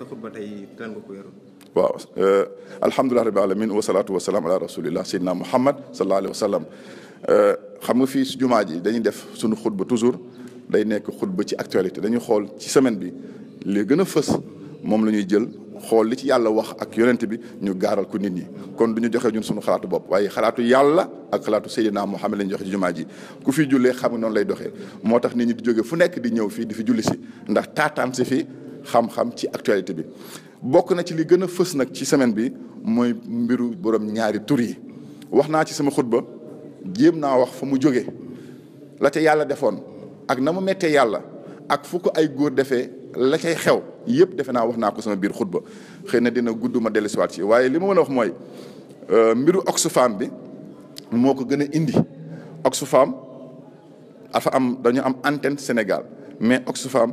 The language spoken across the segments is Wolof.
sa xutba tey lan nga ko yoroon waaw alhamdulilah rabbil alamin wa salaatu ala rasulillah sayyidina muhammad sallallahu alayhi wa sallam xam nga fii su jumaa ji dañuy def suñu xutba toujours day nekk xutba ci actualité dañuy xool ci semaine bi li gën a fës moom la ñuy jël xool li ci yàlla wax ak yonent bi ñu gaaral ko nit ñi kon du joxe ñun suñu xalaatu bopp waaye xalaatu yàlla ak xalaatu Seydina Muhammad la joxe ci ji ku fi jullee xam nga noonu lay doxee moo tax nit ñi di jóge fu nekk di ñëw fii di fi julli si ndax taataan si fii xam-xam ci actualité bi bokk na ci li gën a fës nag ci semaine bi mooy mbiru borom ñaari tur yi wax naa ci sama xutba jéem naa wax fa mu jóge la ca yàlla defoon ak na mu mettee yàlla ak fu ay góor defee la cay xew yëpp defe naa wax naa ko sama biir xutba xëy na dina gudd ma dellusiwaat ci waaye li ma mën a wax mooy euh, mbiru Oxfam bi moo ko gën a indi Oxfam dafa am dañu am antenne Sénégal mais Oxfam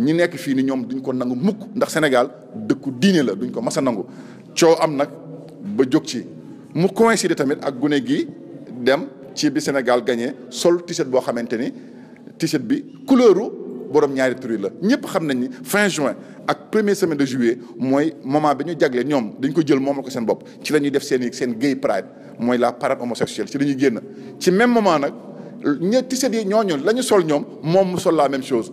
ñi nekk fii ni duñ ko nangu mukk ndax Sénégal dëkku diine la duñ ko mas a nangu am gi dem ci bi Sénégal sol t ni fin juin ak semaine de juillet moment bi ñu jagle ñoom dañ ko jël moomal ko gay pride mooy la parade homosexuelle ci la ñuy ci même moment nag ñe t yi sol la même chose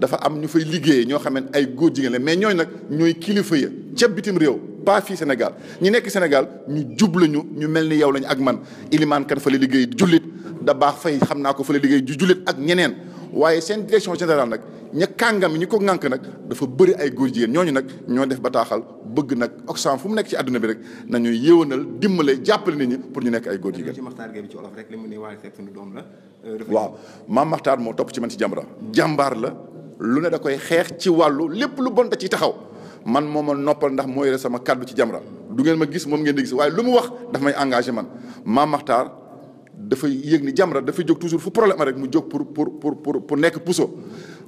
dafa am ñu fay liggéeyee ñoo xam ay góor jigéen la mais ñooñu nag ñooy kilifa ya ca bitim réew pas fii Sénégal ñi nekk Sénégal ñu jub lañu ñu mel ni yow lañu ak man ilimaan kan fa la liggéey jullit da baax fay xam naa ko fa la liggéey ju jullit ak ñeneen waaye seen direction générale nag ña kàngam ñi ko ŋànk nag dafa bëri ay góor jigéen ñooñu nag ñoo def bataaxal bëgg nag Oxfam fu mu nekk ci àdduna bi rek nañu yéwanal dimbale jàppale nit ñi ñu nekk ay góor jigéen. waaw maam Maxtaar moo topp ci man ci Jamra jàmbaar la lu ne da koy xeex ci wàllu lépp lu bon da ciy taxaw man moo ma noppal ndax mooy yore sama kàddu ci Jamra du ngeen ma gis moom ngeen di gis waaye lu mu wax daf may engagé man maa Makhtar dafa yëg ni Jamra dafa jóg toujours fu problème rek mu jóg pour pour pour pour pour nekk puso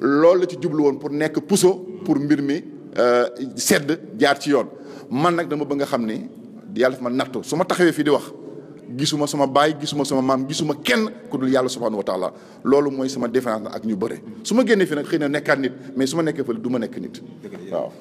loolu la ci jublu woon pour nekk puso pour mbir mi euh, sedd jaar ci yoon man nag dama ba nga xam ni yàlla dafa ma nattu su ma taxawee fii di wax. gisuma sama baay gisuma sama maam gisuma kenn ku dul yàlla subhanahu wa taala loolu mooy sama différence ak ñu bëre su ma génnee fi nag xëy na nekkaat nit mais su ma nekkee fële du ma nekk nit waaw